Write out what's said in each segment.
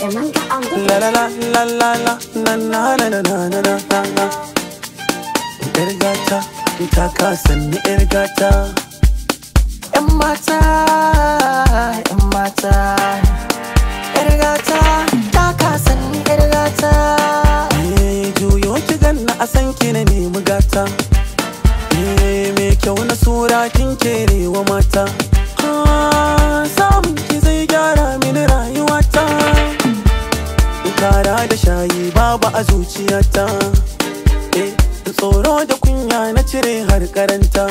La la la la la la na na na na na na na na na Yar gata ta kasa ni yar gata Yan mata yan mata Yar gata ta kasa ni yar Eh juyo ki ganna a san ki na nemi gata Eh me kyau na sura kin kere wa mata da shayi babu a zuciyata eh tsoro da kunya na cire har karanta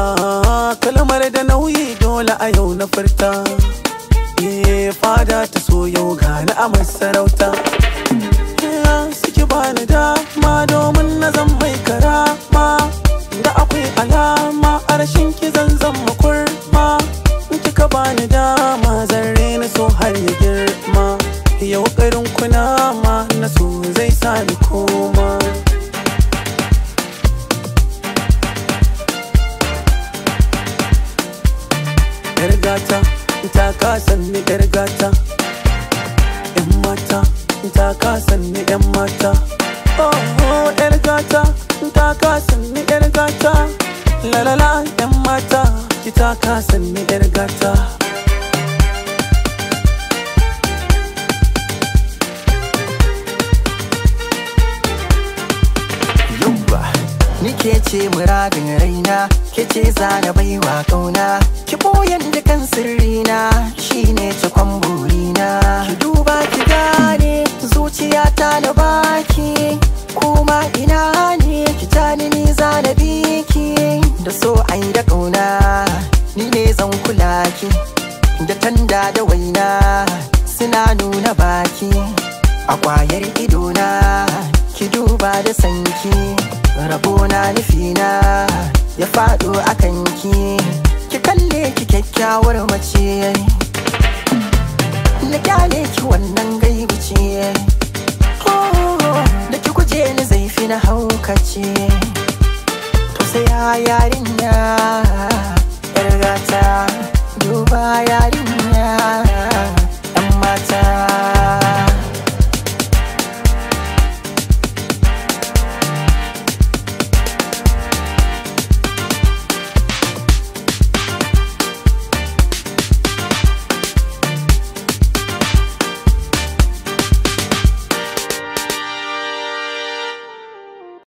ah kalmar da nauyi dole a yau na furta eh fada ta so yau ga na a masarauta ni koma Yargata, ta kasa ni yargata Yan mata, ta kasan ni yan mata Oh, oh, yargata, ta kasa ni yargata La la la, mata, ta ni yargata Nike ce muradin raina Ke ce zana baiwa kauna Ki boyan da kan sirrina Shine cikon burina Ki duba ki gane Zuciyata na baki Kuma ina ne Ki tani ni zana biki Da so ai da kauna Ni ne zan kula ki Da tanda da waina Suna nuna baki A kwayar idona Ki duba da sanki rabona nufina ya fado a ki ki kalle ki kyakkyawar mace na kyale ki wannan gaibu ce oh, da ki kuje ni zaifi na haukace to sai ya yare